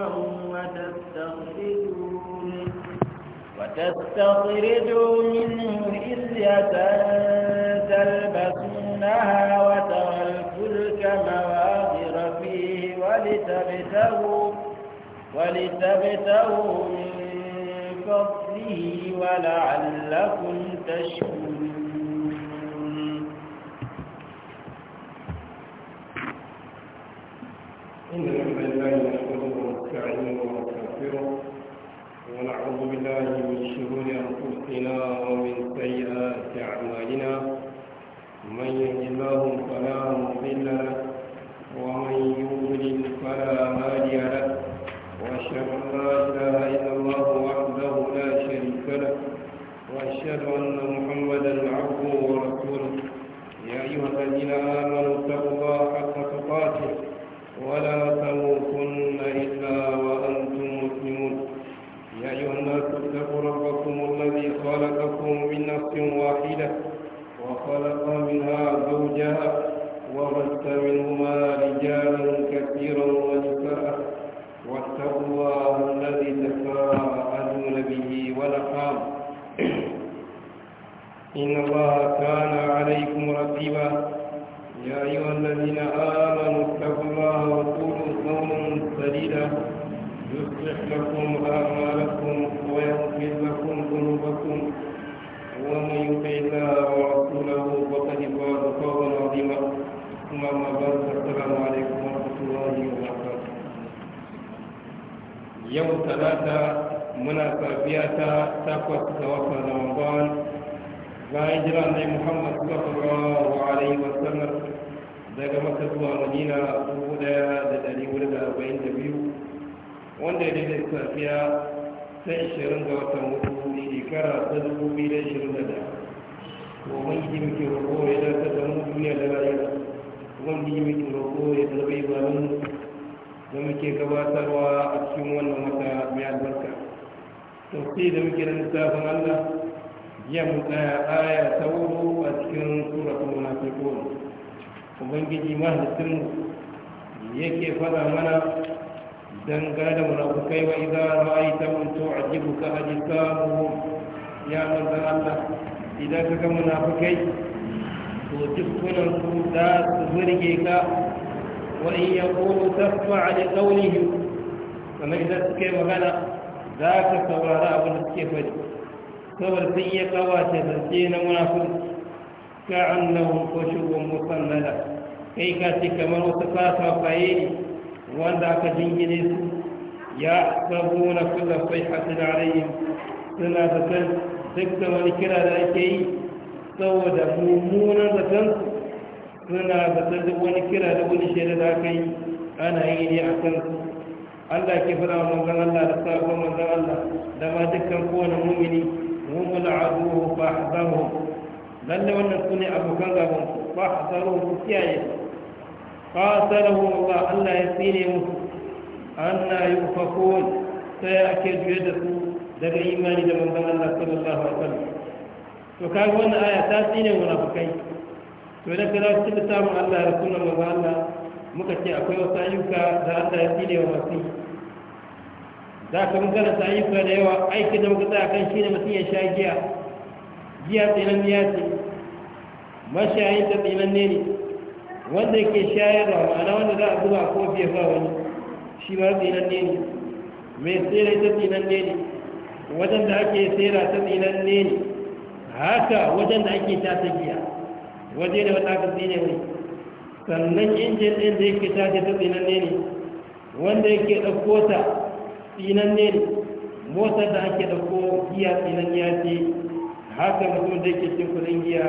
لهم وتستخرجون وتستخرجوا منه إذية تلبسونها وترى الفلك مواغر فيه ولتبتغوا ولتبتغوا من فضله ولعلكم تشكرون ونستغفره ونعوذ بالله من شرور أنفسنا إن الله كان عليكم رقيبا يا أيها الذين آمنوا اتقوا الله وقولوا قولا سديدا يصلح لكم أعمالكم ويغفر لكم ذنوبكم ومن يطع الله ورسوله فقد فاز فوزا عظيما ثم أما بعد السلام عليكم ورحمة الله وبركاته يوم ثلاثة مناسبية تقوى توفى رمضان bayan jira ne muhammad sallallahu alaihi wasallam daga masa zuwa madina dubu daya da dari hudu da arba'in da biyu wanda ya daidai safiya ta ishirin ga watan hudu shekara ta dubu biyu da ishirin da daya domin yi muke roƙo ya dace da mu duniya da rayuwa domin yi muke roƙo ya zarbe zanen da muke gabatarwa a cikin wannan wata mai albarka tafsir da muke da littafin allah ya mutsa eh, aya ta wuru a cikin suratul munafiqun ubangiji mahalittun yake fada mana dangane da munafukai wa idza ra'aita ka aji samu ya manzo Allah idan ka kaga munafukai to dukkanin su za su burge ka wa in yaqulu tasfa 'ala qawlihim kamar idan suke magana za ka saurara abin da suke faɗi kawar sun iya kawace zance na munafurci ka shugaban khushubun nada. kai ka ce kamar wasu kasa faye ne wanda aka jingine su ya sabuna hasi da arayin suna da kan duk da wani kira da ake yi saboda mummunan kan suna da kan duk wani kira da wani shaida da aka yi ana yi ne a kan su Allah ke fara manzan Allah da sabon manzan Allah da ma dukkan kowane mumini هم العدو فاحذرهم لن wannan sune abokan gaban ku fahzaru ku kiyaye qasalahu Allah Allah ya tsine musu anna yufakun sai ake juye da su daga imani da manzon Allah sallallahu alaihi wasallam to kaga wannan aya ta tsine munafikai to da kira su da samun Allah Allah muka ce akwai wasu ayyuka da Allah ya tsine wa masu za ka magana ta ayyuka da yawa Aiki da muka tsaya kan shi ne mutum ya sha giya giya tsinan ya ce mashayin ta tsinan ne ne wanda ke shayar da ma'ana wanda za a zuba kofi ya ba wani shi ba tsinan ne ne mai tsere ta tsinan ne ne wajen da ake tsera ta tsinan ne ne haka wajen da ake ta giya waje da wata aka tsine ne sannan injin ɗin da yake ta ta tsinan ne ne wanda yake ɗauko ta tsinan ne motar da ake dauko giya tsinan ya ce haka mutum da yake cin kudin giya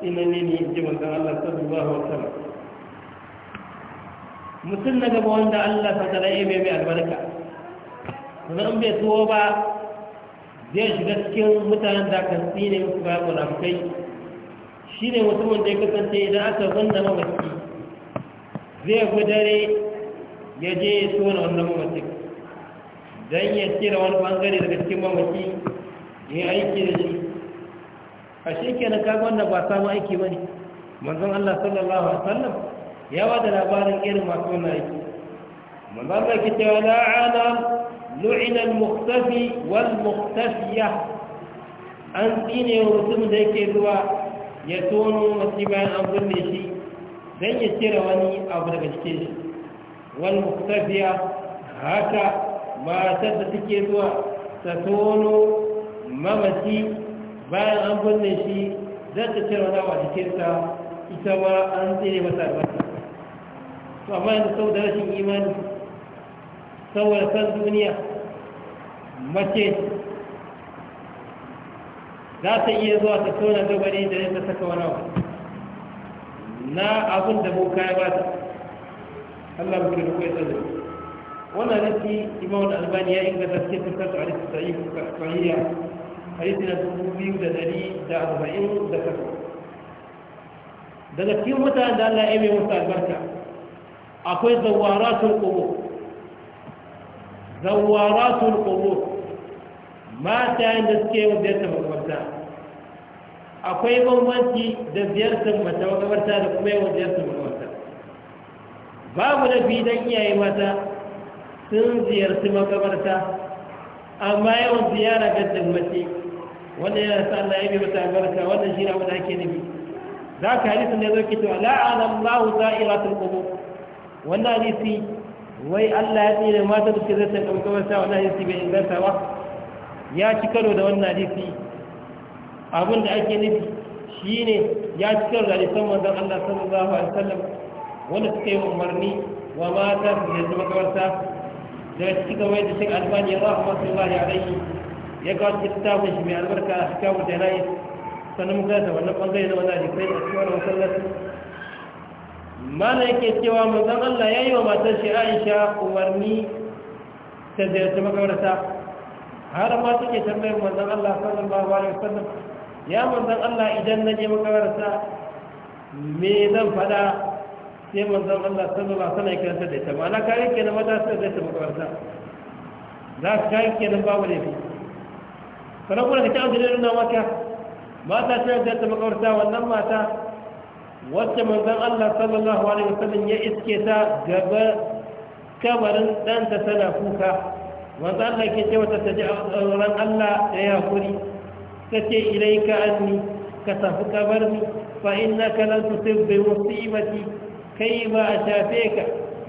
tsinan ne ne ji wanda Allah sallallahu alaihi wasallam mutum na gaba wanda Allah ta tara ya mai albarka an bai tuwo ba zai shiga cikin mutanen da kan tsine musu ba ku munafukai shi ne mutumin da ya kasance idan aka zanna mamaki zai gudare ya je ya tona wannan mamacin don ya cire wani bangare daga cikin mamaki ya aiki da shi a shi ke nan kaga wanda ba samu aiki ba ne manzon Allah sallallahu alaihi wasallam ya ba da labarin irin masu wannan aiki manzon Allah ke cewa la'ana lu'ina al-muqtafi wal muqtafiya an tsine wa mutum da yake zuwa ya tono masu bayan an binne shi don ya cire wani abu daga cikin shi wal muqtafiya haka matar da take zuwa ta tono mamaci bayan an bunne shi za ta cire wani a jikinsa ita ma an tsere masa albarka to amma yanzu sau da rashin imani saboda san duniya mace za ta iya zuwa ta tona dogari da ta saka wani abu na abin da boka ba ta Allah mutu da kuwa ya wannan hadisi imam al-albani ya inganta cikin fitar da hadisi sahih sahiha hadisi na dubu biyu da dari da arba'in da takwas daga cikin mutanen da Allah ya mai musu albarka akwai zawaratul qubur zawaratul qubur mata da suke yin ziyartar makabarta akwai bambanci da ziyartar mata makabarta da kuma yawan ziyartar makabarta babu da fi iyaye mata sun ziyarci makabarta amma yawan ziyara ga dalmace wanda yana sa Allah ya bi mata albarka wannan shi ne wanda ake nufi za ka hadisi ne zo kito la'ana Allah za'iratul qubur wannan hadisi wai Allah ya tsire mata da suke zai san makabarta wannan hadisi bai inganta ba ya ci karo da wannan hadisi abin da ake nufi shine ya ci karo da hadisan manzon Allah sallallahu alaihi wasallam wanda suka yi umarni wa mata su ziyarci makabarta daga cikin wai da shek albani a alaihi ya kawo littafin shi mai albarka a cikin janayi sannan muka da wannan bangare na wannan jikai a cikin wannan masallaci mana yake cewa manzon Allah ya yi wa matar shi Aisha umarni ta ziyarci makabarta har ma take tambayar manzon Allah sallallahu alaihi wasallam ya manzon Allah idan na je makabarta me zan faɗa. sai manzon Allah sallallahu alaihi wasallam karanta da ita ma'ana kai kenan mata sai zai ta makabarta za ka kai kenan babu ne fi sanan kuma da ta amsa nuna maka mata sai zai ta makabarta wannan mata wacce manzon Allah sallallahu alaihi wasallam ya iske ta gaba kabarin dan ta tana kuka manzon Allah ke ce ta ji ran Allah da ya hakuri kace ilaika anni ka tafi kabarni fa innaka lan tusib bi musibati kai ba a shafe ka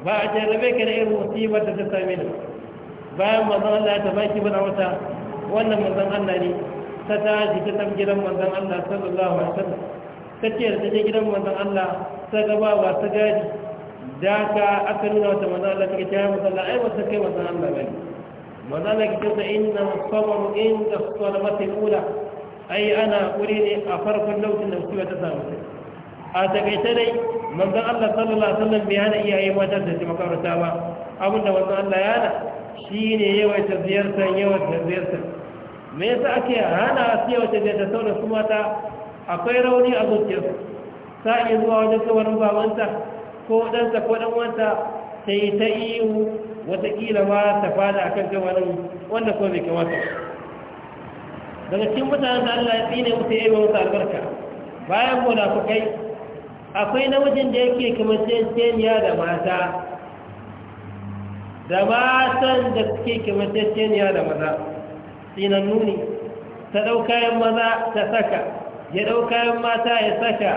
ba a jarabe ka da irin musibar da ta same ni bayan manzon Allah ta baki bana wata wannan manzon Allah ne ta tashi ta tafi gidan manzon Allah sallallahu alaihi wasallam ta ce da ta je gidan manzon Allah ta gaba ba ta gaji da ka aka nuna wata manzon Allah take ta manzon Allah ai wata kai manzon Allah bane manzon Allah ke ta inna sabaru inda yi ula ai ana wuri ne a farkon lokacin da musiba ta samu sai. a takaice dai manzon Allah sallallahu alaihi wasallam bai hana iyaye mata da su makarata ba abinda manzon Allah ya hana shine yawaita ziyartar yawaita ziyartar me yasa ake hana su yawaita ziyarta saboda su mata akwai rauni a zuciyarsu ta iya zuwa wajen kawarin babanta ko ɗansa ko ɗan wanta ta yi ta ihu wataƙila, ma ta fada akan kawarin wanda ko bai kamata daga cikin mutanen da Allah ya tsine musu ya albarka. wa musu albarka bayan kai. akwai namijin da yake kamar tsaye da mata da matan da suke kamar tsaye da maza tsinan nuni ta ɗau kayan maza ta saka ya ɗau mata ya saka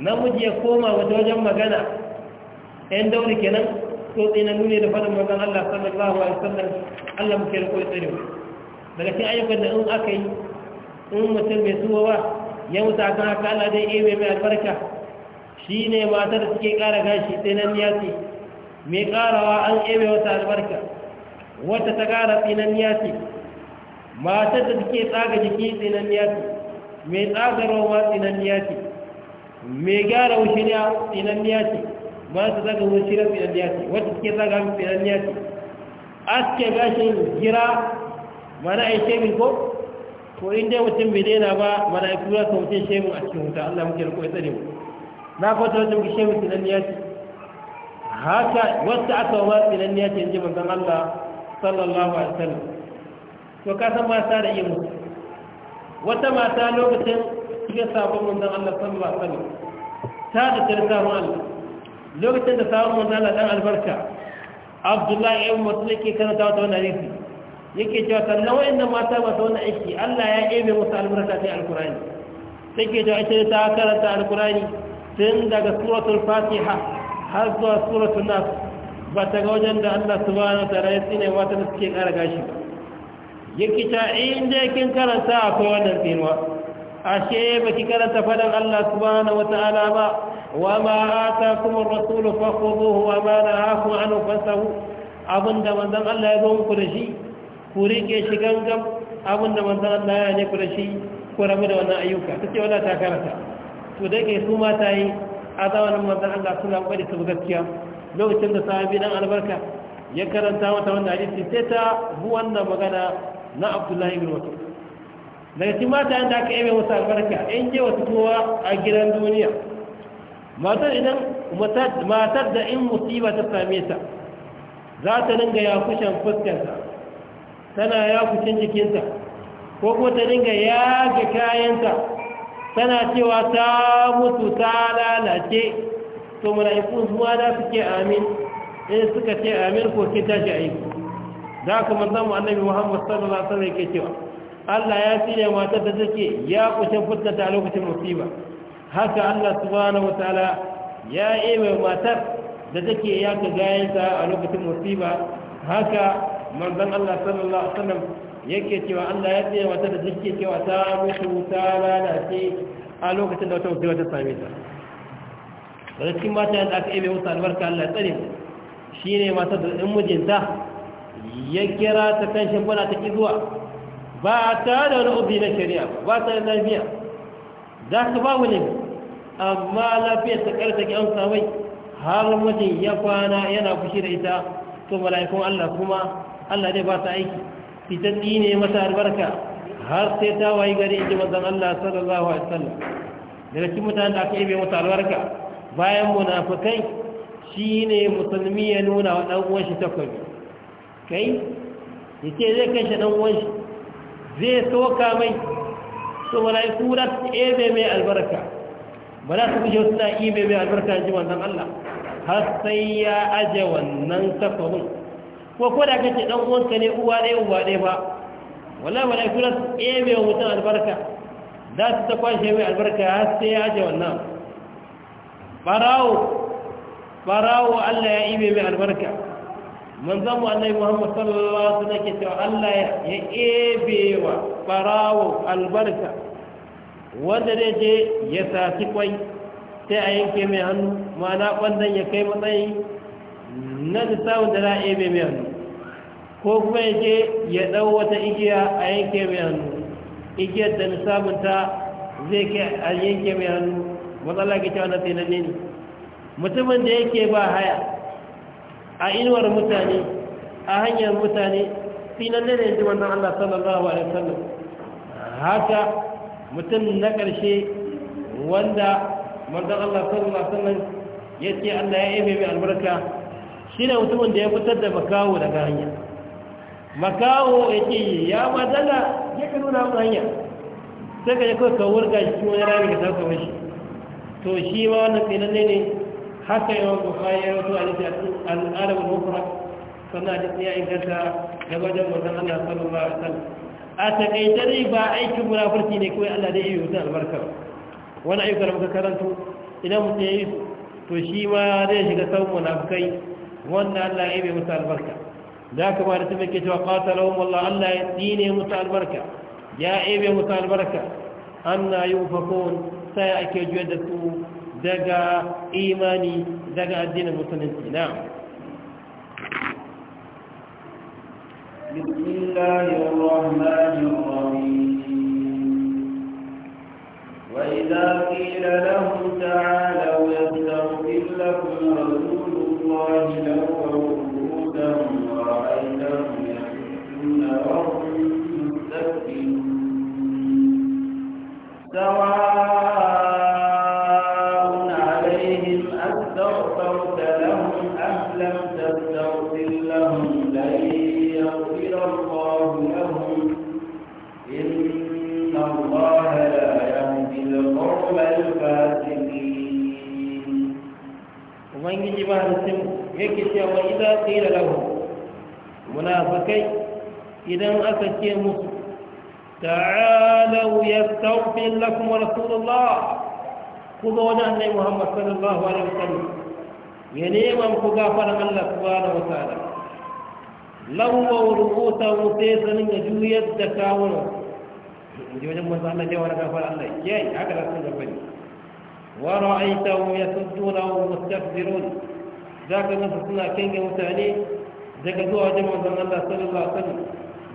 namiji ya koma wata wajen magana ‘yan dauri kenan ko tsinan nuni da faɗin mazan Allah sallallahu Alaihi wasallam Allah muke da kawai tsari daga cikin ayyukan da in aka yi in mutum bai tuwa ba ya mutu akan haka Allah dai ebe mai albarka shi ne matar da suke ƙara gashi tsinanniya ce mai ƙarawa an ebe wata albarka wata ta ƙara tsinanniya ce matar da suke tsaga jiki tsinanniya ce mai tsagarwa ma tsinanniya ce mai gyara wushiriya tsinanniya ce su zaga wushiriya tsinanniya ce wata suke tsaga tsinanniya ce aske gashin gira mana a yi shemin ko ko inda mutum bai daina ba mana a yi kura sautin mutum shemin a cikin wuta allah muke da kuwa tsare mu na fata wajen bishe mai tsinanniya ce haka wacce aka wa tsinanniya ce ji manzan Allah sallallahu alaihi wasallam to ka san mata da iya mutu wata mata lokacin ya sabon manzan Allah sallallahu alaihi wasallam ta da tarsa Allah lokacin da sabon manzan Allah dan albarka Abdullahi ibn Mas'ud yake karanta wata wannan hadisi yake cewa sannan wayannan mata ba ta wannan aiki Allah ya ebe musu albarka sai alqur'ani take da ita ta karanta alkurani tun daga suratul fatiha har zuwa suratul nas ba ta ga wajen da Allah subhanahu wa ta'ala ya tsine da suke kara gashi ba yake ta inda kin karanta akwai wannan tsinuwa ashe ki karanta fadan Allah subhanahu wa ta'ala ba wa ma kuma ar-rasul fakhuduhu wa ma nahakum anhu abin da manzon Allah ya zo muku da shi ku rike shi gangam da manzon Allah ya ne ku da shi ku rabu da wannan ayyuka ce wala ta karanta to da su mata yi a zamanin manzan Allah suna kwari su gaskiya lokacin da sahabi dan albarka ya karanta mata wannan hadisi sai ta bu wannan magana na Abdullahi bin Mas'ud daga cikin mata da aka yi wasu albarka in je wasu kowa a gidan duniya matar idan matar da in musiba ta same ta za ta dinga ya yakushen fuskarta, tana ya yakushin jikinta ko kuma ta dinga ga kayanta tana cewa ta mutu ta lalace to mala'iku kuma da suke amin in suka ce amin ko ke tashi aiki da haka manzon annabi Muhammad sallallahu alaihi wasallam yake cewa Allah ya tsire matar da take ya kuce fitnata ta lokacin musiba haka Allah subhanahu wataala ya ebe matar da take ya ka gayanta a lokacin musiba haka manzon Allah sallallahu alaihi wasallam yake cewa Allah ya tsaye wata da take cewa ta mutu ta lalace a lokacin da wata mutu wata same ta daga cikin mata yadda aka ebe musu albarka Allah ya tsare mu shi ne matar da ɗin mijinta ya kira ta kan bana ta ki zuwa ba ta da wani ubi na shari'a ba ta da lafiya za ka ba wani ne amma lafiyar ta ƙarta ki an samai har mijin ya kwana yana fushi da ita to mala'ikun Allah kuma Allah zai ba ta aiki ita ne mata albarka har sai ta wayi gari ji mazan Allah sallallahu alaihi wasallam daga cikin mutanen da aka yi mata albarka bayan munafikai shine musulmi ya nuna wa dan uwan shi takobi kai yace zai kashe dan uwan shi zai soka mai to malaiku da su ebe mai albarka ba za su guje suna ibe mai albarka ji mazan Allah har sai ya aje wannan takobin ko ko da kace dan uwanka ne uwa ɗaya uwa ɗaya ba wallahi malaiku za e me wa mutum albarka za su ta kwashe mai albarka har sai ya aje wannan farao farao Allah ya ibe mai albarka manzon mu annabi Muhammad sallallahu alaihi wasallam ke cewa Allah ya ebe wa farao albarka wanda zai je ya saci kwai sai a yanke mai hannu Ma na kwandan ya kai matsayi na lissafin da za a ebe mai hannu ko kuma yake ce ya ɗau wata igiya a yanke mai hannu igiyar da lissafin ta zai ke a yanke mai hannu matsala ke cewa na tsinanne ne mutumin da yake ba haya a inuwar mutane a hanyar mutane tsinanne ne ji wannan allah sallallahu alaihi wasallam haka mutum na ƙarshe wanda manzon allah sallallahu alaihi wasallam ya ce allah ya ebe mai albarka shi ne mutumin da ya fitar da makawo daga hanya makawo ya ce ya madala ya ka nuna mu hanya sai ka yi kawai ka wurga shi wani rami ka sauka mashi to shi ma wannan tsinan ne ne haka yi bukari ya wato alisi al'adar mafura sannan a in inganta da wajen mazan allah sallallahu alaihi wasallam a takaice dai ba aikin munafurci ne kawai allah da ya yi wutan albarkar wani ayyukan muka karanto idan mutum ya yi to shi ma zai shiga sauran munafukai وان الله يبي متى البركه ذاك ما نتمك وقاتلهم والله الله يديني متى البركه يا ايبي متى البركه ان يوفقون سيعك جودك دقا ايماني دقا الدين المسلمين نعم بسم الله الرحمن الرحيم وإذا قيل لهم تعالى الله لو موسى ورأيتهم يحبون ربهم yake cewa idan qila lahu munafikai idan aka ce musu ta'alu yastaghfir lakum rasulullah kuma wani annabi Muhammad sallallahu alaihi wasallam ya neman ku gafaran Allah subhanahu wa ta'ala lawa rubuta mutai sanin ga juyar da kawunan inji wajen masu Allah jawar gafara Allah yayi haka da sun gafari wa ra'aytahu yasudduna wa mustakbirun za ka nasa suna kenge mutane daga zuwa wajen manzon Allah sallallahu alaihi wasallam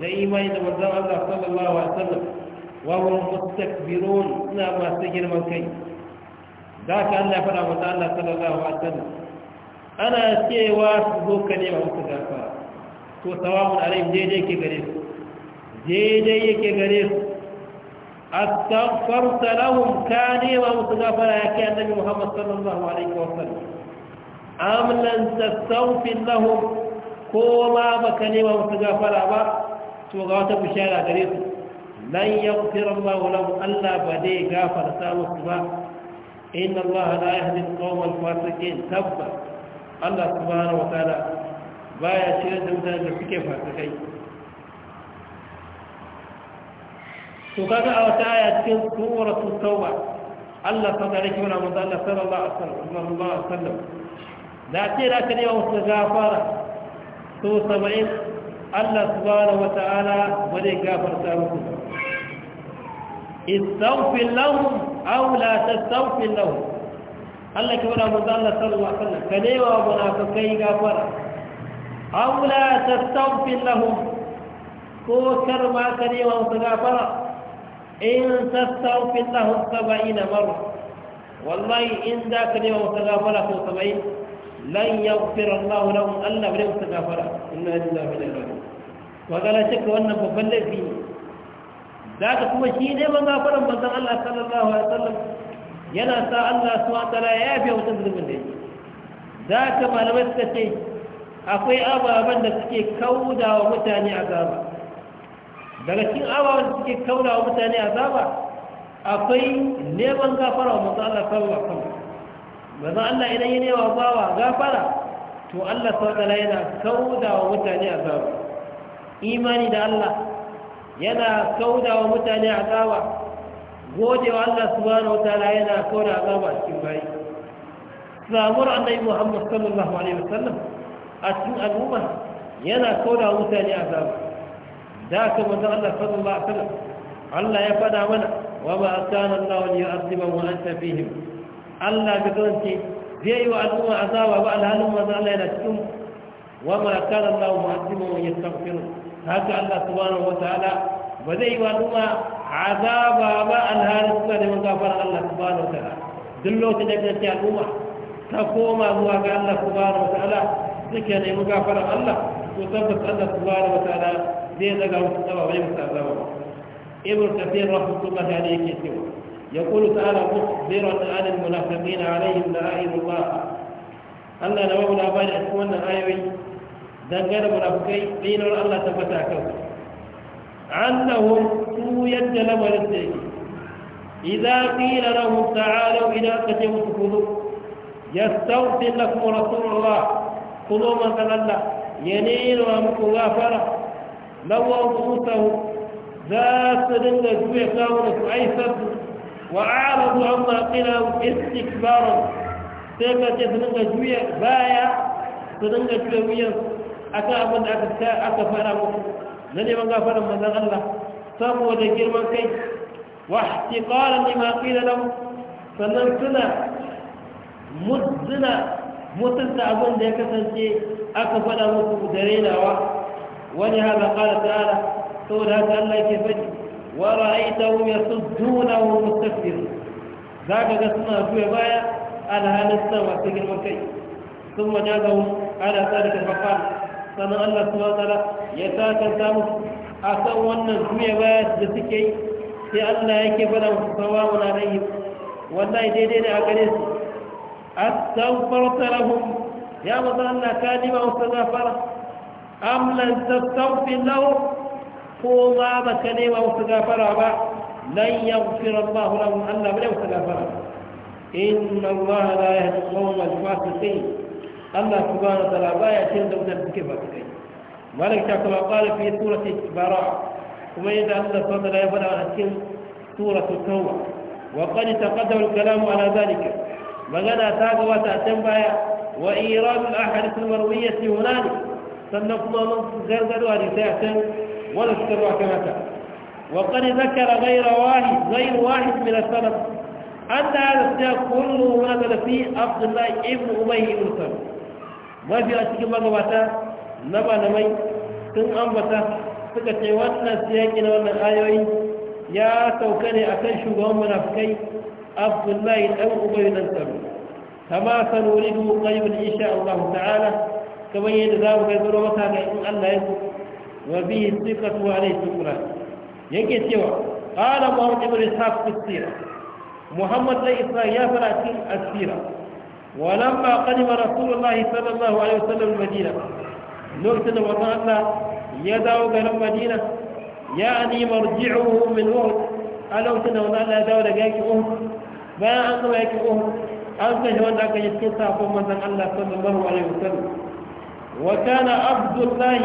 da imani da manzon Allah sallallahu alaihi wasallam wa hum mustakbirun suna masu girman kai za ka Allah ya fara manzon Allah sallallahu alaihi wasallam ana cewa su zo ka nema musu gafa to sawabun alaihim daidai yake gare su daidai yake gare su astaghfarta lahum ka nema musu ya kai annabi Muhammad sallallahu alaihi wasallam amlan sassautin lahum ko ma baka nema musu gafara ba to ga wata bishara gare su lan yaghfira Allahu lahum Allah ba dai gafarta musu ba inna Allah la yahdi al-qawma al-fasiqin tabba Allah subhanahu wa ta'ala baya shirya da mutane da suke fasikai to kaga a wata aya cikin suratul tauba Allah sallallahu alaihi wa sallam Allah sallallahu alaihi wa sallam لاتيرا كني واستغفر تو سمعين الله سبحانه وتعالى ولي غفر تاوكم استغفر لهم او لا تستغفر لهم الله رسول الله صلى الله عليه وسلم كني وابنا كي غفر او لا تستغفر لهم كو كرما كني واستغفر ان تستغفر لهم سبعين مره والله ان ذاك اليوم تغفر لهم سبعين مره lan yaghfira Allah lahum Allah bai musu gafara inna lillahi wa inna ilaihi raji'un to ga la shakka wannan babban laifi ne zaka kuma shi ne man gafaran manzon Allah sallallahu alaihi wasallam yana sa Allah subhanahu wa ta'ala ya biya wutan zulmin da yake zaka malamai suka ce akwai ababen da suke kauda wa mutane azaba daga cikin ababen da suke kauda wa mutane azaba akwai neman gafara wa manzon Allah sallallahu alaihi wasallam manzon Allah idan ya nema bawa gafara to Allah ta'ala yana kaudawa mutane a azaba imani da Allah yana kaudawa mutane a azaba godewa Allah subhanahu wataala yana kauda azaba a cikin bayi zamur annabi Muhammad sallallahu alaihi wasallam a cikin al'umma yana kauda mutane a azaba da aka manzon Allah sallallahu alaihi wasallam Allah ya fada mana wa ma kana Allah liyu'adhibahum wa anta fihim Allah ga kawance zai yi wa al'umma azaba ba alhalin maza Allah yana cikin wa ma kana Allah mu'azzima wa yastaghfiru haka Allah subhanahu wa ta'ala ba zai yi wa al'umma azaba ba alhalin suna da magafar Allah subhanahu wa ta'ala duk lokacin da kake al'umma ta koma zuwa ga Allah subhanahu wa ta'ala suke ne magafaran Allah to tabbas Allah subhanahu wa ta'ala zai daga wasu tsaba bai musa azaba ibn kathir rahmatullahi alayhi ke cewa يقول تعالى مخبرة عن المنافقين عليهم لآئذ الله أن نوابنا بان أكون آيوي دنجر منافقين لين الله تبتا كوك عنهم سويد جلب للتأكيد إذا قيل لهم تعالوا إلى قتموا تخذوا يستغفر لكم رسول الله قلوا من قال الله ينين وامكم غافرة لو أبوته ذات لنجا جوية كاملة أي وأعرضوا عما قيلهم استكبارا سيكا تفننغ جوية بايا تننغ جوية أكا أبن أكا أكا فرامو لن من غفر من الله سمو ذكر من كي واحتقارا لما قيل لهم فننسنا مدنا mutunta abin da ya kasance aka faɗa muku da renawa wani haɗa ƙara ta'ala saboda haka Allah ke faɗi wara idan ya tsuduna wa mustafin za ka ga suna zuwa baya alhalista masu girman kai sun waje ga wun ana sa da karfafa sannan allah su matsala ya sa kan samu a san wannan zuwa baya da suke yi sai allah yake bada masu sawa wa nanayi wallahi daidai ne a gare su a san farfara hun ya maza allah ka nima wasu zafara amlan sassan filawar ko ma ba ka nema wasu gafara ba lan yaghfir Allah lahum Allah bai wasu gafara inna Allah la yahdi al-qawm al-fasiqin Allah subhanahu wa ta'ala baya cin da wutar suke fasikai malik ta kuma qala fi surati bara kuma yadda Allah subhanahu wa ta'ala ya faɗa a cikin suratul tauba wa qad taqaddama al-kalamu ala dhalika magana ta gabata a can baya wa irad al-ahadith al-marwiyyah hunalik sannan kuma mun gargado a can ولا تتبع كما تأتي وقد ذكر غير واحد غير واحد من السلف أن هذا السياق كله نزل فيه عبد الله ابن أبي بن سلف ما في أشكي ما قبعتا نبا نمي تن أنبتا فكتي وانا سياقنا وانا آيوي يا سوكني أكن شبهم منافقين عبد الله ابن أبي بن سلف كما سنريده قريبا إن شاء الله تعالى كما يدعو غير مثلا إن الله يقول wa bihi siqatu alayhi sukra yake cewa qala muhammad ibn ishaq fisira muhammad sai isa ya fara cikin asira wa lamma qadima rasulullah sallallahu alaihi wasallam madina lokacin da manzo Allah ya dawo garin madina ya ani marji'uhu min uhud alau tana wannan ya dawo daga yaki uhud bayan an gama yaki uhud an ka shi wanda aka yi cikin safon manzon Allah sallallahu alaihi wasallam wa kana abdullahi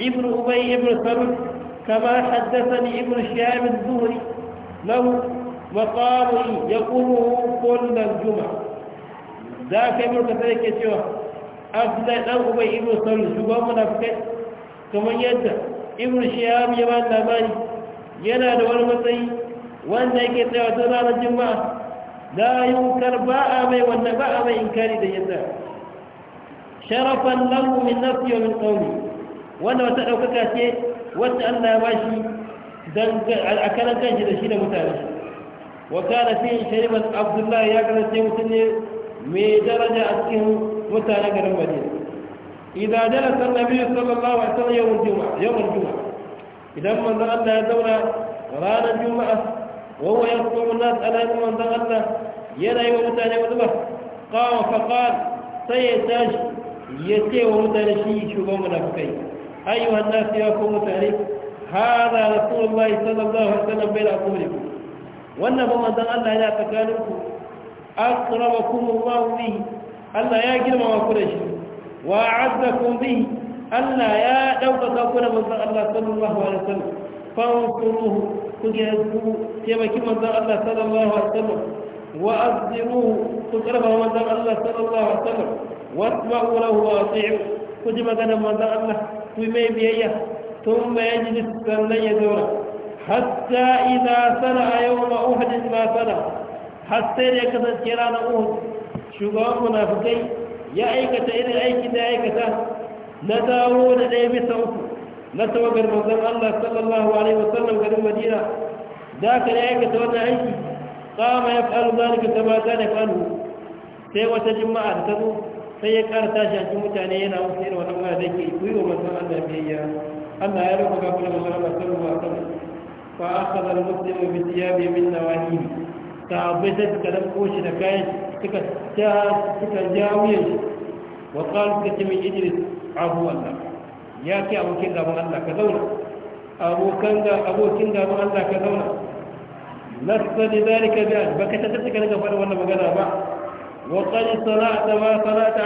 ابن أبي بن سرد كما حدثني ابن الشهاب الزهري له مقام يقومه كل الجمعة ذاك ابن كثيرك سوى أفضل أن أبي بن سرد شبه من كما يدعى ابن الشهاب يبان ناماني ينا دول مطي وان ذاك سوى تنال الجمعة لا ينكر باء مي وان باء مي إنكاري شرفا له من نفسي ومن قومي wannan wata ɗaukaka ce wacce Allah ya shi dan a karan kanshi da shi da mutane wa kana fi sharibat abdullahi ya kasance mutum ne mai daraja a cikin mutanen garin madina idan jalasa annabi sallallahu alaihi wasallam yawmul juma'a yawmul juma'a idan manzo Allah ya zauna ranar juma'a wa huwa yaqulu nas ala manzo Allah yana yi wa mutane wazuma qawa fa qala sai ya tashi ya ce wa mutane shi shugaban munafikai أيها الناس يا قوم تعريف هذا رسول الله صلى الله عليه وسلم بين أقولكم وأنه من ذا الله لا تكالكم أقربكم الله به الله يا جرم وكل شيء وأعزكم Allah ya ɗaukaka ku da manzan Allah sallallahu alaihi wasallam fansuruhu ku ku taimaki manzan Allah sallallahu alaihi wasallam wa azziruhu ku karba manzan Allah sallallahu alaihi wasallam wasma'u lahu wa ati'u ku ji maganar manzan Allah ku mai biyayya tun ma ya ji sannan ya zauna hatta ina sana a yau ma uhadin ma sana hatta ya kasance ranar uhud shugaban munafukai ya aikata irin aikin da ya aikata na dawo da ɗaya bisa uku na tawagar manzon Allah sallallahu alaihi wasallam garin Madina da ka ya aikata wannan aiki kama ya faru zalika ta ba ta da sai wata juma'a da ta zo sai ya ƙara tashi a cikin mutane yana wasu irin wannan wani da ke yi wa manzon Allah biyayya Allah ya rufe ga kula masu Allah sun ruwa kan fa akhadha al-muslimu bi thiyabi min nawahi sahabbai sai suka dauko shi da kayan suka ta suka wuyan shi wa qalu suka ce min idris abu Allah ya ke abokin gaban Allah ka zauna abokan ga abokin gaban Allah ka zauna lasta da zalika Ba baka ta tsaka daga fara wannan magana ba وقد صنعت ما صنعت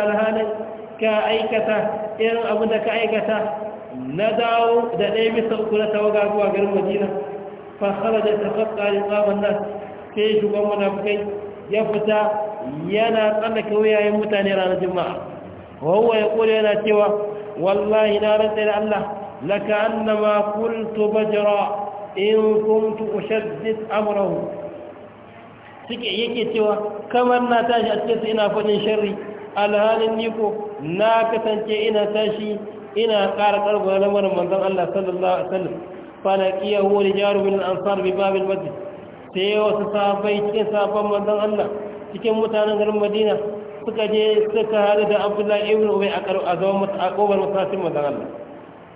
ka aikata irin abin da ka aikata na dawo da ɗaya bisa uku na tawaga zuwa garin madina fa kharaja tafaqqa li nas sai shugaban munafikai ya fita yana tsallaka wayayen mutane ranar juma'a wa huwa yaqulu yana cewa wallahi na rantsa da Allah laka annama qultu bajra in kuntu ushaddid amrahu suke yake cewa kamar na tashi a cikinsu ina faɗin sharri alhalin niko na kasance ina tashi ina ƙara ƙarfa lamarin manzon Allah sallallahu alaihi wasallam fana iya huwa rijalu min al-ansar bi babil masjid sai wasu sahabbai cikin sahabban manzon Allah cikin mutanen garin Madina suka je suka hada da Abdullahi ibn Ubay a karo a zaman akobar masallacin manzon Allah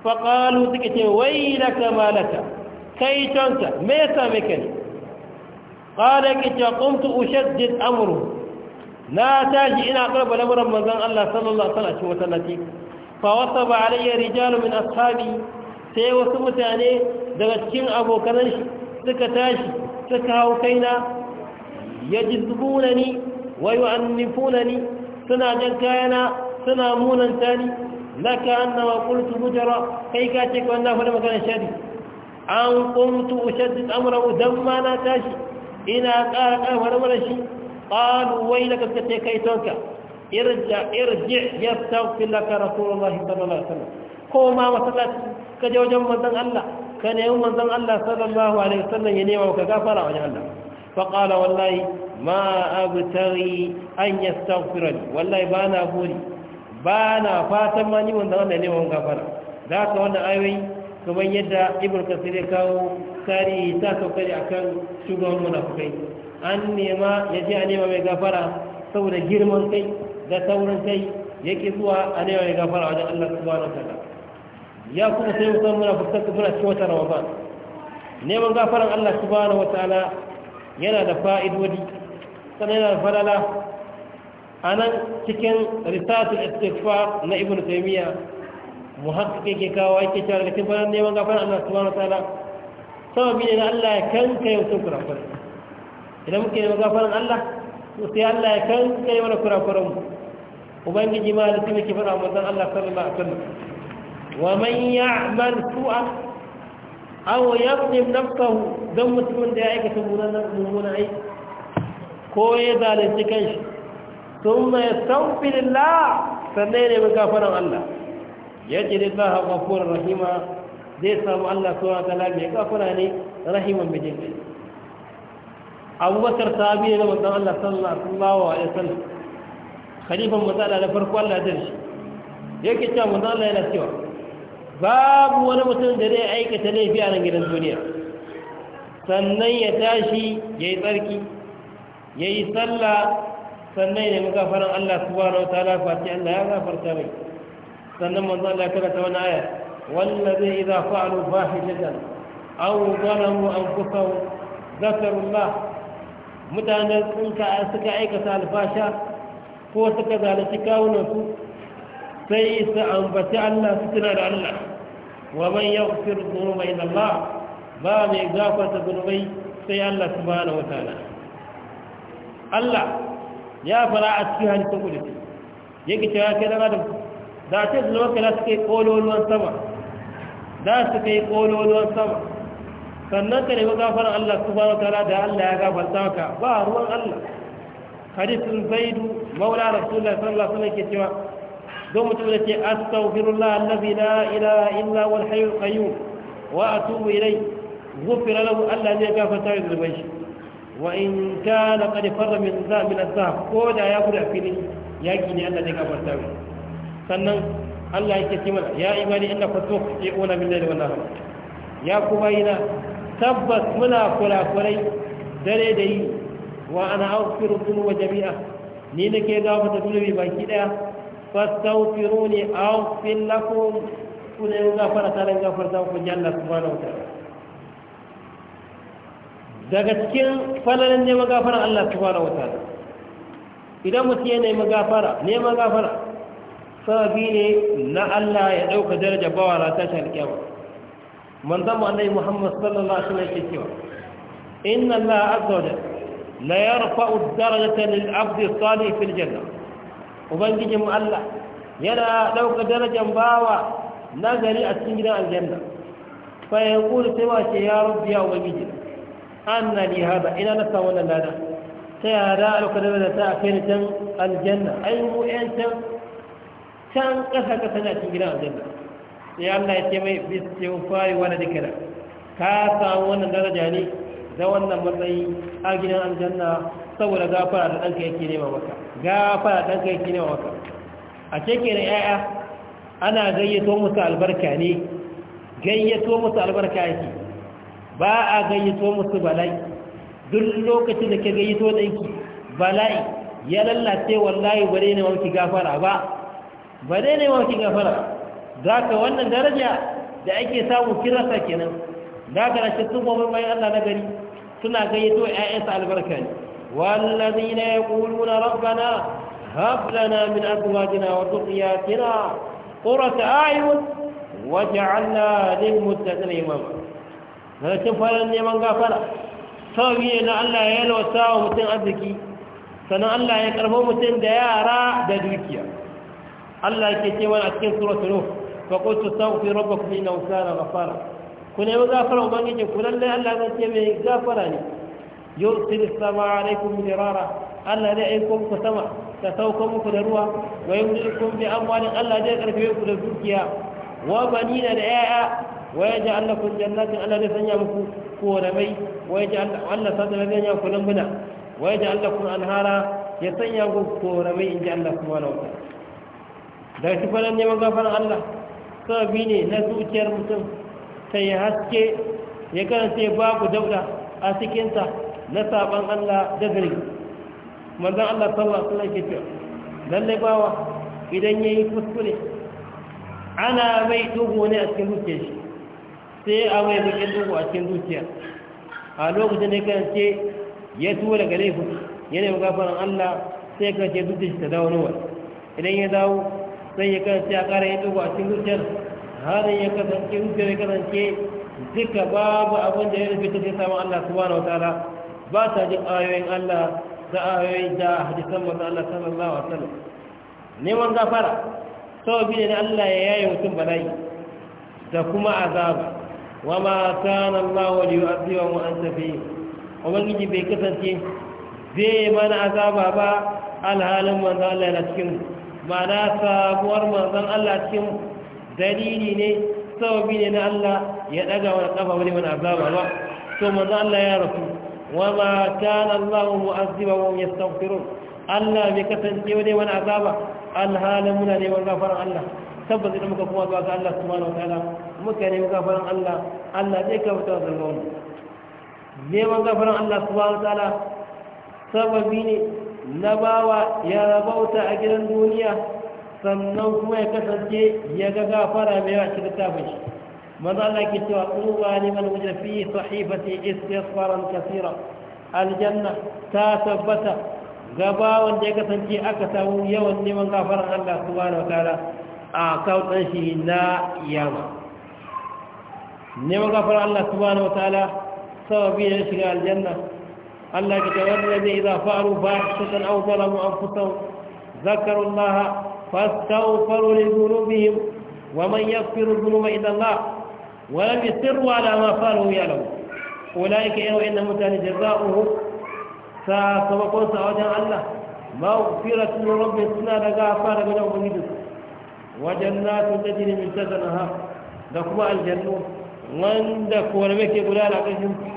fa qalu suka ce wai waylaka malaka kai tonka me yasa me kai qala kita qumtu ushaddid amru na tashi ina karba lamuran manzon Allah sallallahu alaihi wasallam wata nati fa wasaba alayya rijalu min ashabi sai wasu mutane daga cikin abokan shi suka tashi suka hau kaina yajzubunani wa ni? suna jan kayana suna munanta ni laka annama qultu kai ka ce ko annahu da magana shari an qumtu ushaddid amrahu dan ma na tashi ina ƙara ƙarfar shi ƙalu wai na kaskace kai tonka irji ya tafi laka rasulullahi sallallahu alaihi wasallam ko ma masallaci ka je wajen manzon Allah ka nemi manzan Allah sallallahu alaihi wasallam ya nema ka gafara wajen Allah fa qala wallahi ma abtari an yastaghfira li wallahi bana buri bana fatan ma ni manzon Allah ya nema gafara da ka wannan ayoyi kamar yadda ibn kasir ya kawo kari ta saukari kan shugaban munafukai an nema ya je a nema mai gafara saboda girman kai da saurin kai yake zuwa a nema mai gafara wajen Allah subhanahu wataala ya kuma sai mutum muna fuskanta muna cikin wata ramadan neman gafaran Allah subhanahu wataala yana da fa'idodi sannan yana da falala a nan cikin risatul istighfar na ibn taymiya mu haka ke kawo ake cewa daga cikin fara neman gafara Allah tsada sama bi ne na Allah ya kanka yau sun kurakura idan muke neman gafaran Allah to sai Allah ya kanka yau na kurakuran mu ubangiji ma da muke fara manzon Allah sallallahu alaihi wasallam wa man ya'mal su'a aw yadhlim nafsahu dan mutumin da ya aikata mummunan aiki ko ya zalunci kanshi thumma yastaghfirullah sannan ne mun gafaran Allah yajid Allah ghafurur rahima zai samu Allah subhanahu wa ta'ala mai gafara ne rahiman mai jinkai abubakar ta ne na manzon Allah sallallahu alaihi wasallam khalifan matsala da farko Allah zai shi yake cewa manzon Allah yana cewa babu wani mutum da zai aikata laifi a nan gidan duniya sannan ya tashi ya yi tsarki ya yi sallah sannan ya nemi gafaran Allah subhanahu wa ta'ala fati Allah ya gafarta mai sannan manzo Allah karanta wani aya wallazi idza fa'alu fahishatan aw zalamu anfusahum zakarullah mutanen sun ka suka aikata alfasha ko suka zalunci kawunansu sai su ambaci Allah su tuna da Allah wa man yaghfir dhunuba illa Allah ba mai gafarta zunubai sai Allah subhanahu wataala Allah ya fara a cikin hadisin kudi yake cewa kai da da da ce zunubanka za su kai ƙololuwan sama za su kai ƙololuwan sama sannan ka nemi gafarar Allah su ba wata da Allah ya gafarta maka ba ruwan Allah hadisun zaidu maula rasulullah sallallahu alaihi wasallam ke cewa don mutum da ke astaghfirullah allazi la ilaha illa wal hayyul qayyum wa atubu ilai ghufira lahu Allah ne ya gafarta da zunuban shi wa in kana qad farra min dhanbi al-dhahab ko da ya gudu a filin yaki ne Allah ne ya gafarta mai sannan Allah yake ce mana ya imani inna kuntum tuqina billahi wa nahar ya kuma ina tabbas muna kula kurakurai dare da yi wa ana aghfiru dhunuba jami'a ni nake ga mata zunubi baki daya fastaghfiruni aghfir lakum kuna yin gafara ta ran gafarta ku ji Allah subhanahu wa ta'ala daga cikin falalan ne magafara Allah subhanahu wa ta'ala idan mutum ya nemi gafara neman gafara sababi ne na Allah ya ɗauka daraja bawa na tashi alƙiyama manzon mu annabi Muhammad sallallahu alaihi wasallam yake cewa inna Allah azza wa jalla la yarfa'u ad-darajata lil 'abdi salih fil janna ubangijin mu Allah yana ɗauka darajar bawa na gari a cikin gidan aljanna fa yaqulu sai wa ce ya rabbi ya ubangiji anna li hada ina na samu wannan lada ta yara alƙadar da ta a kai can aljanna ai mu 'yan can can ƙasa ƙasa na cikin gidan aljanna sai Allah ya ce mai istighfari wa kira ka samu wannan daraja ne da wannan matsayi a gidan aljanna saboda gafara da ɗanka yake nema maka gafara da ɗanka yake nema maka a cikin ya'ya ana gayyato musu albarka ne gayyato musu albarka yake ba a gayyato musu bala'i duk lokacin da ka gayyato ɗanki bala'i ya lallace wallahi bare ne wanki gafara ba ba dai ne mafi gafara za ka wannan daraja da ake samu kirasa kenan za ka rashin sun gobe bayan allah na gari suna gayyato ‘ya'yansa albarka ne wallazi na ya ƙulu na rabbana hablana min jina wa dhurriyyatina qurrata a'yun waj'alna lil muttaqina imama rashin faran neman gafara sababi ne na Allah ya yalwata wa mutum arziki sannan Allah ya karfa mutum da yara da dukiya Allah yake cewa a cikin suratul nuh fa qultu astaghfiru rabbakum innahu kana ghafara ku ne gafara ubangiji ku lalle Allah zai ce mai gafara ne yursil sama alaikum mirara Allah zai aiko ku sama ta sauko muku da ruwa wa yumdikum bi amwalin Allah zai karfe ku da dukiya wa banina da yaya wa yaj'al lakum jannatin Allah zai sanya muku koramai wa yaj'al Allah sadda zai sanya ku lambuna wa yaj'al lakum anhara ya sanya ku koramai in ji Allah subhanahu wa ta'ala da shi fanan neman gafaran Allah sababi ne na zuciyar mutum ta yi haske ya karance babu dauda a cikinsa na saban Allah da zari manzan Allah sallallahu alaihi ke cewa lallai bawa idan yayi kuskure ana mai dubu ne a cikin zuciya shi sai a mai bakin dugo a cikin zuciya a lokacin da ya karanta ya tuwa daga laifin ya nemi gafaran Allah sai ya karance zuciyar shi ta dawo wani idan ya dawo sai ya kasance a kare ya duba cikin zuciyar har ya kasance zuciyar ya kasance duka babu abin da ya rufe ta sai samun Allah subhanahu wataala ba ta jin ayoyin Allah da ayoyin da hadisan manzo Allah sallallahu alaihi wasallam neman gafara sababi ne Allah ya yaye mutum bala'i da kuma azaba wa ma kana Allah liyu'adhiba wa anta fi ubangiji bai kasance zai mana azaba ba alhalin manzo Allah yana cikin mu Mana sabuwar manzon Allah cikin dalili ne sababi ne na Allah ya daga wani kafa wani wani azaba ba to manzon Allah ya rasu wa ma kana Allah mu'azziba wa yastaghfirun Allah bai kasance wani wani azaba alhalin muna neman gafaran Allah tabbas idan muka kuma zuwa ga Allah subhanahu wataala muka nemi gafaran Allah Allah zai kafa da gauna neman gafaran Allah subhanahu wataala sababi ne na bawa ya rabauta a gidan duniya sannan kuma ya kasance ya ga gafara mai yawa cikin tafin shi maza Allah ke cewa tsuba liman wuce fi sahifati istighfaran kasira aljanna ta tabbata ga bawan da ya kasance aka samu yawan neman gafaran Allah subhanahu wataala a kawtan shi na yawa neman gafaran Allah subhanahu wataala sababi ya shiga aljanna الذي إذا فعلوا فاحشة أو ظلموا أنفسهم ذكروا الله فاستغفروا لذنوبهم ومن يغفر الذنوب إلا الله ولم يسروا على ما فعلوا يعلم أولئك إنه إن متان جزاؤه سبقوا سعودا الله مغفرة لرب السنة لقاء فارغ بنوم مجلس وجنات تجري من سدنها دخماء الجنون من دخوا لمكي قلال عليهم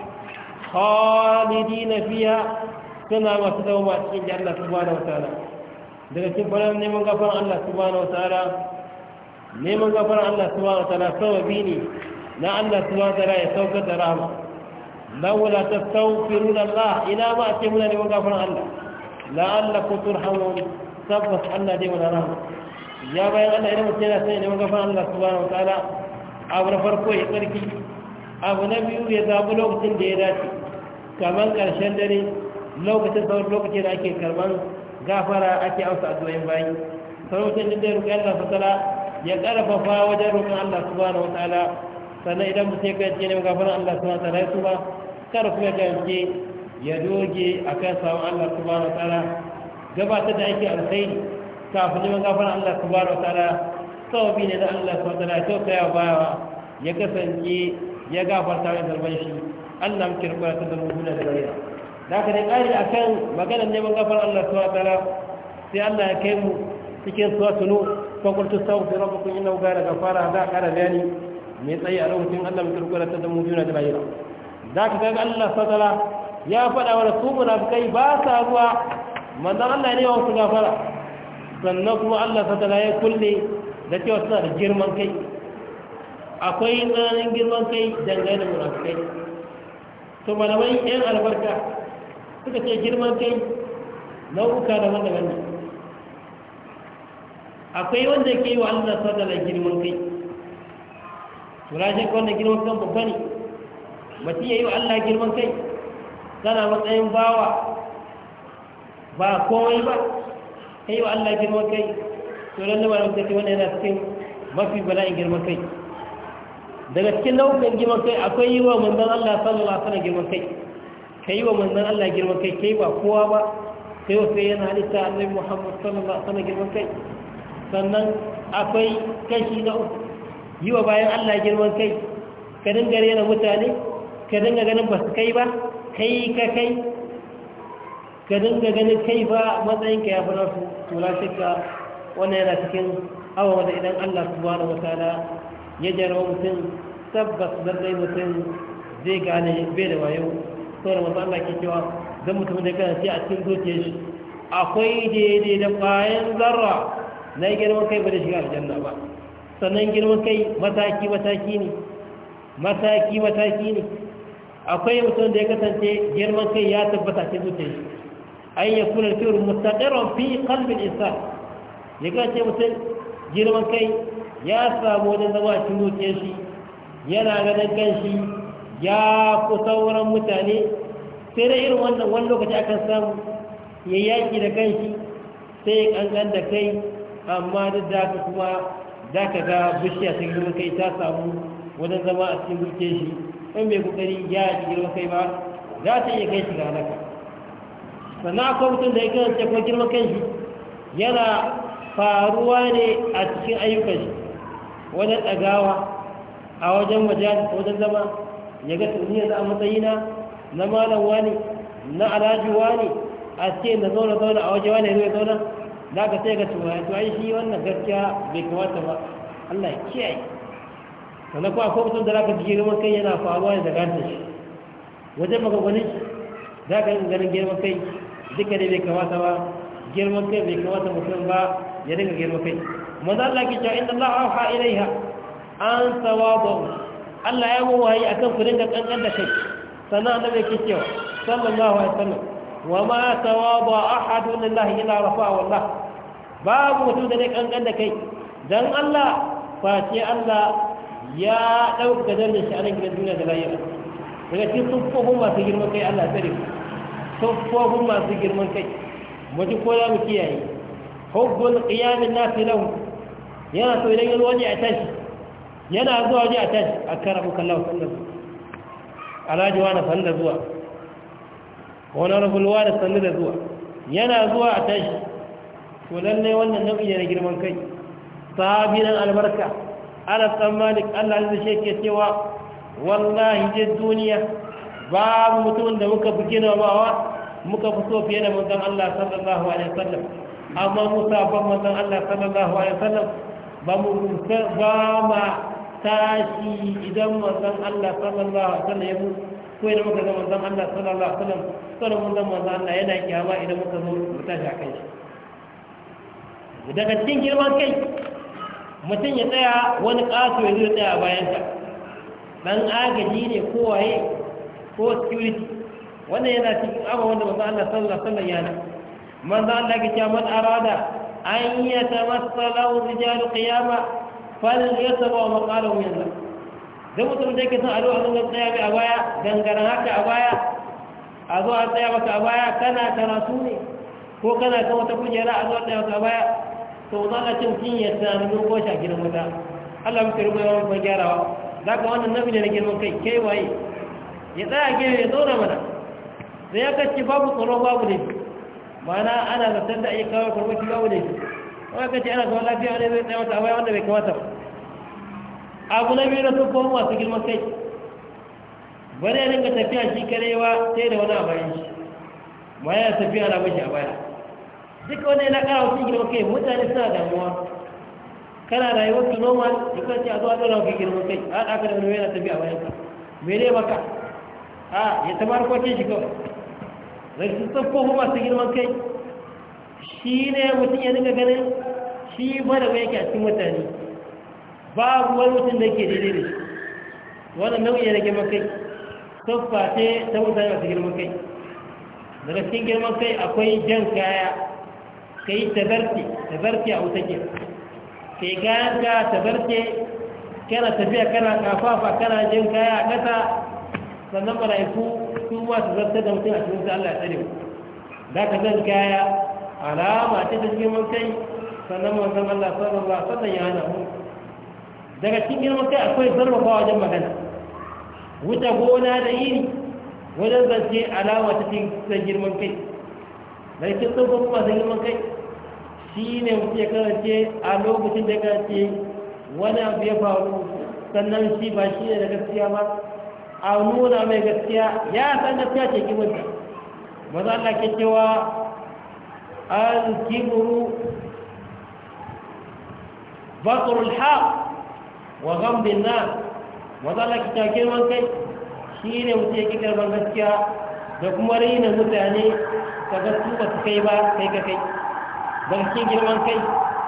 khalidina fiha suna masu zama a cikin Allah subhanahu wataala daga cikin faran neman gafaran Allah subhanahu wataala neman gafaran Allah subhanahu wataala sababi ne na Allah subhanahu wataala ya saukar da rahama laula tastaghfiruna Allah ila ma ake muna neman gafaran Allah la'allakum turhamun tabbas Allah dai wala rahama ya bayan Allah idan mutum yana sanya neman gafaran Allah subhanahu wataala abu na farko ya tsarki abu na biyu ya zaɓi lokacin da ya dace kamar ƙarshen dare lokacin sauran lokacin da ake karban gafara ake amsa addu'o'in bayi sauran da ya roƙi Allah fatala ya ƙarfafa wajen roƙin Allah subhanahu wata ala sannan idan mutum ya kai neman gafaran Allah subhanahu wa tsara ya ba kada kuma ya yanke ya doge kan samun Allah subhanahu wa ta'ala gabatar da aiki alkai kafin neman gafaran Allah subhanahu wa sau biyu ne da Allah su wa ta'ala ya ya kasance ya gafarta mai zarban shi Allah muke rubuta ta zama huna da gare da ka dai ƙari a kan maganar neman gafar Allah su ta'ala sai Allah ya kai mu cikin suwa tuno fakultu sau fi rabu kun ina gara gafara za a ƙara bayani mai tsaye a lokacin Allah muke rubuta ta zama huna da gare da ka ga Allah su ta'ala ya faɗa wa su kai ba sa ruwa manzan Allah ne wa su gafara sannan kuma Allah su ta'ala ya kulle da cewa suna da girman kai akwai tsananin girman kai dangane da munafikai to malamai yan albarka suka ce girman kai nau'uka da wanda wanda akwai wanda ke yi wa allah sadala girman kai tura shi wanda girman kan babba ne mutum ya yi wa allah girman kai tana matsayin bawa ba komai ba ka yi wa allah girman kai to lalle malamai ta ce wanda yana cikin mafi bala'in girman kai daga cikin nau'ukan girman kai akwai yi wa manzan Allah sallallahu alaihi girman kai ka yi wa manzan Allah girman kai kai ba kowa ba sai wasu yana halitta annabi Muhammad sallallahu alaihi girman kai sannan akwai kashi na uku yi wa bayan Allah girman kai ka dinga rena mutane ka dinga ganin ba su kai ba kai ka kai ka dinga ganin kai ba matsayin ka ya fi nasu shi ka wannan yana cikin awa wanda idan Allah subhanahu ta'ala ya jarawa mutum tabbas lallai mutum zai gane bai da wayo sauran masu Allah ke cewa don mutum da kan sai a cikin zuciyar shi akwai daidai da bayan zarra na girman kai ba da shiga aljanna ba sannan girman kai mataki mataki ne mataki mataki ne akwai mutum da ya kasance girman kai ya tabbata cikin zuciyar shi an ya kula da mustaqirran fi kalbin isa ya kasance mutum girman kai ya samu wajen zama a cikin dukiyar shi yana ganin kanshi ya ku sauran mutane sai da irin wannan wani lokaci aka samu ya yaƙi da kanshi sai kankan da kai amma duk da haka kuma za ka ga bishiya sun girma kai ta samu wajen zama a cikin dukiyar shi in bai kokari ya yi girma kai ba za ta iya kai shi ga halaka sannan akwai mutum da ya kasance kuma girma kanshi yana faruwa ne a cikin ayyukan shi wajen ɗagawa a wajen majalis wajen zama ya ga tuni a matsayina na malam wani na alajuwa wani a ce na zauna zauna a waje wani ya zauna za ka sai ga tuwa to ai shi wannan gaskiya bai kamata ba allah ya kiyaye sannan kuma akwai mutum da za ka ji girman kai yana faruwa ne da gasar shi wajen maka shi za ka yi ganin girman kai duka ne bai kamata ba girman kai bai kamata mutum ba ya dinga girman kai manzo Allah ke cewa inna Allah auha ilaiha an sawabu Allah ya wahayi akan ku dinga kankan da kai sannan annabi ke cewa sallallahu alaihi wasallam wa ma tawaba ahadun lillahi illa rafa'a wallah babu mutum da zai kankan da kai dan Allah face Allah ya dauka darajar shi a nan gidan duniya da lahira daga cikin tuffofin masu girman kai Allah tsare ku tsofaffin masu girman kai mutu ko za mu kiyaye hubbul qiyamin nasi lahu yana so idan ya waje a tashi yana zuwa waje a tashi a kara muka lawa sallar zuwa alajiwa na sallar zuwa wani rafulwa da sallar da zuwa yana zuwa a tashi to lallai wannan nau'i ne na girman kai nan albarka ana tsammanin allah da shi ke cewa wallahi je duniya babu mutumin da muka fi mawa muka fi so fiye da manzon allah sallallahu alaihi wasallam amma musa ban manzon allah sallallahu alaihi wasallam ba mu ba ma tashi idan manzon Allah sallallahu alaihi wasallam ya mutu ko idan muka ga manzon Allah sallallahu alaihi wasallam sallallahu mun zama manzon Allah yana kiyama idan muka zo mu tashi a kai shi daga cikin girman kai mutum ya tsaya wani kaso ya zo tsaya bayan ka dan agaji ne ko waye ko security wannan yana cikin abubuwan da manzon Allah sallallahu alaihi wasallam yana manzon Allah ya ce arada أن يتمثله الرجال قيامة wa مقاله من الله da mutum da yake son a zuwa zuwa tsaya mai a baya dangana haka a baya a zuwa tsaya maka a baya kana karatu ne ko kana kan wata kujera a zuwa tsaya maka a baya to za a cin kin ya sami ko shi a gidan wuta Allah muka rubu yawan kuma gyarawa za ka wannan nabi ne na girman kai kai waye ya tsaya gefe ya zauna mana da ya kace babu tsaro babu ne ma'ana ana zartar da iya kawo farmaki babu ne kuma ka ce ana zama lafiya ne zai tsaye wata abai wanda bai kamata ba abu na biyu na tsofaffin masu girman kai ba ne ga tafiya shi karewa sai da wani a bayan shi ma yana tafiya na mashi a baya duk wanda yana kara wasu girman kai mutane suna damuwa kana rayuwar ka normal da ya ce a zuwa ɗora ka girman kai a ɗaka da wani yana tafiya a bayan ka ne maka a ya tabar kwace shi kawai mai sun tsakko masu girman kai shi ne mutum ya dinga ganin shi ba da mai yake a cikin mutane babu wani mutum da ke daidai da shi wannan nau'i na girman kai soffa ce ta mutane masu girman kai daga cikin girman kai akwai jan kaya ka yi tazarce tazarce a wuta ke ka yi kayan ka tazarce kana tafiya kana kafafa kana jan kaya a ƙasa sannan mala'iku ba su zartar da mutum a cikin su Allah ya tsare mu da ka zan kaya alama ta da girman kai sannan mu manzon Allah sallallahu ba sannan ya hana mu daga cikin girman kai akwai zarrafa wajen magana wuta gona da yi wajen zance alama ta cikin girman kai da cikin tsofin kuma sun girman kai shi ne mutum ya karance a lokacin da ya karance wani abu ya faru sannan shi ba shi ne da gaskiya ba a nuna mai gaskiya ya san gaskiya ce kiwanta maza Allah ke cewa al-kibru batur al-haq wa ghamdin nas maza Allah ke cewa girman kai shi ne mutum ya ki ban gaskiya da kuma rina mutane ka ga su ba su kai ba kai ka kai ba cikin girman kai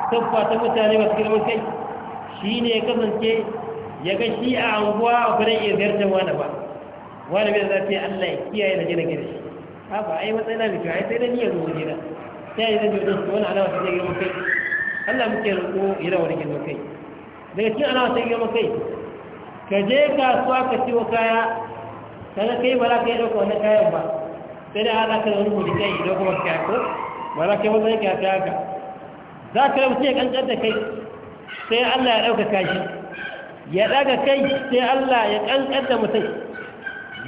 tuffa mutane ba su girman kai shi ne ya kasance ya ga shi a anguwa ba zai iya ziyartar wani ba wani bai zafi allah ya kiyaye na gina gina shi haka ai matsayin da kyau ai sai niyya niyyar zuwa gina ta yi zai jirgin su wani alama ta zai girma kai allah muke roƙo yana wani girma kai daga cikin alama ta girma kai ka je kasuwa ka ciwo kaya kaga kai ba za ka yi ɗauka wani kayan ba sai da ala ka da wani mulikai idan kuma ka ko ba za ka yi matsayin kaya ka za ka rabu ce kankan da kai sai allah ya ɗauka kashi ya daga kai sai Allah ya kankanta mutum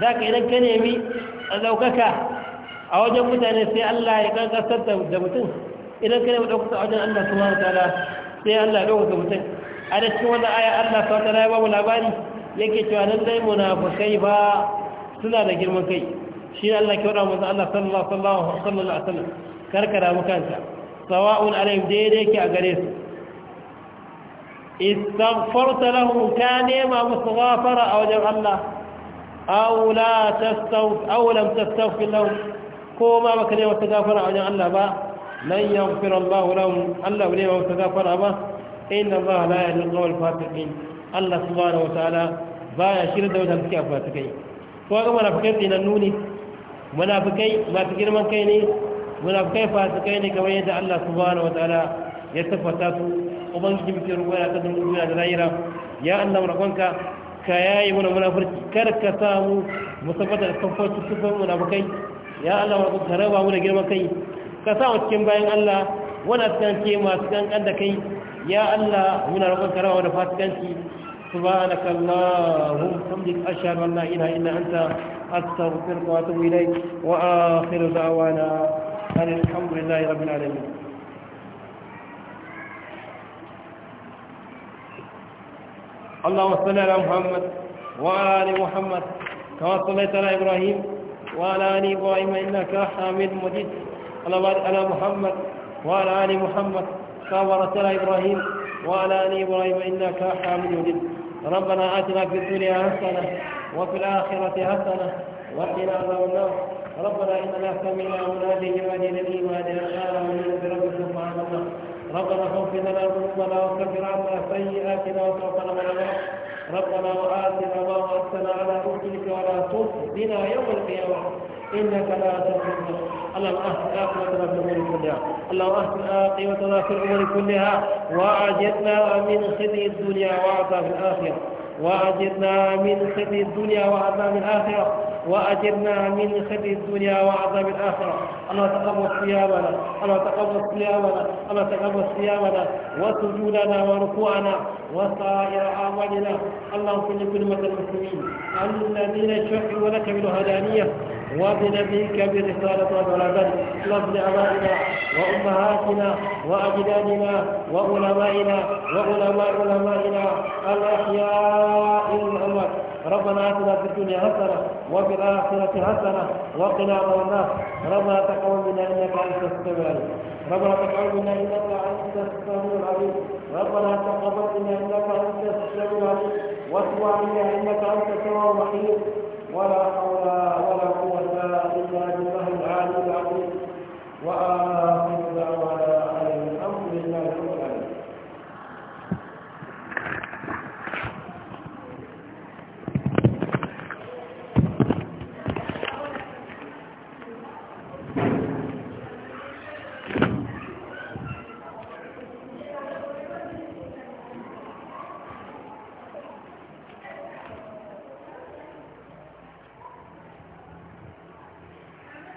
za ka idan ka nemi a ɗaukaka a wajen mutane sai Allah ya kankantar da mutum idan ka nemi ɗaukaka a wajen Allah su mara tala sai Allah ya ɗaukaka mutum a da cikin wanda aya Allah sau ya babu labari yake cewa nan dai munafukai ba suna da girman kai shi Allah ke wada manzo Allah sallallahu alaihi wasallam karkara mu kanka sawa'un alaihim daidai ke a gare su istaghfarta lahu ka nema musu gafara a wajen Allah aw la tastaghfir aw lam tastaghfir lahu ko ma baka nema musu gafara a wajen Allah ba lan yaghfir Allah lahum Allah bai nema musu gafara ba inna Allah la yahdi al-qawm al-fasiqin Allah subhanahu wa ta'ala baya shirya da wajen suke fasikai ko ga munafikai tsinan nuni munafikai masu girman kai ne munafikai fasikai ne kamar yadda Allah subhanahu wataala ya tabbata su ubangiji muke roƙo ya kasan duniya da lahira ya Allah roƙonka ka yayi mana munafurci kar ka samu musabbata da kafarci sifan munafukai ya Allah roƙonka ka raba mu da girman kai ka sa mu cikin bayan Allah wani fasikanci masu kankan da kai ya Allah muna roƙonka raba mu da fasikanci سبحانك اللهم وبحمدك اشهد ان لا اله الا انت استغفرك واتوب اليك واخر دعوانا ان الحمد لله رب العالمين اللهم صل على محمد وعلى آل محمد كما صليت على إبراهيم وعلى آل إبراهيم إنك حميد مجيد اللهم بارك على محمد وعلى آل محمد كما باركت على إبراهيم وعلى آل إبراهيم إنك حميد مجيد ربنا آتنا في الدنيا حسنة وفي الآخرة حسنة وقنا عذاب النار ربنا إننا سمعنا مناديا ينادي للإيمان أن آمنوا بربكم فآمنا ربنا اغفر لا ذنوبنا وكفر عنا سيئاتنا وتوفنا مع ربنا وآتنا ما وعدتنا على رسلك ولا تخزنا يوم القيامة إنك لا تخزنا اللهم أهد عاقبتنا في الأمور كلها اللهم أهد عاقبتنا في الأمور كلها وأعجلنا من خزي الدنيا وعطا في الآخرة وأجرنا من خزي الدنيا وعذاب الآخرة وأجرنا من خزي الدنيا وعذاب الآخرة الله تقبل صيامنا الله تقبل صيامنا الله تقبل صيامنا وسجودنا وركوعنا وسائر أعمالنا اللهم كن كلمة المسلمين الذين شفعوا لك بالهدانية وبنبيك برسالة وبلغنا لفظ أبائنا وأمهاتنا وأجدادنا وعلمائنا وعلماء علمائنا الأحياء الأمر ربنا آتنا في الدنيا حسنة وفي الآخرة حسنة وقنا عذاب النار ربنا تقبل منا إنك أنت السميع العليم ربنا تقبل منا إنك أنت السميع العليم ربنا تقبل منا إنك أنت السميع العليم واتب علينا إنك أنت التواب الرحيم ولا حول ولا قوة إلا بالله العلي العظيم وآمين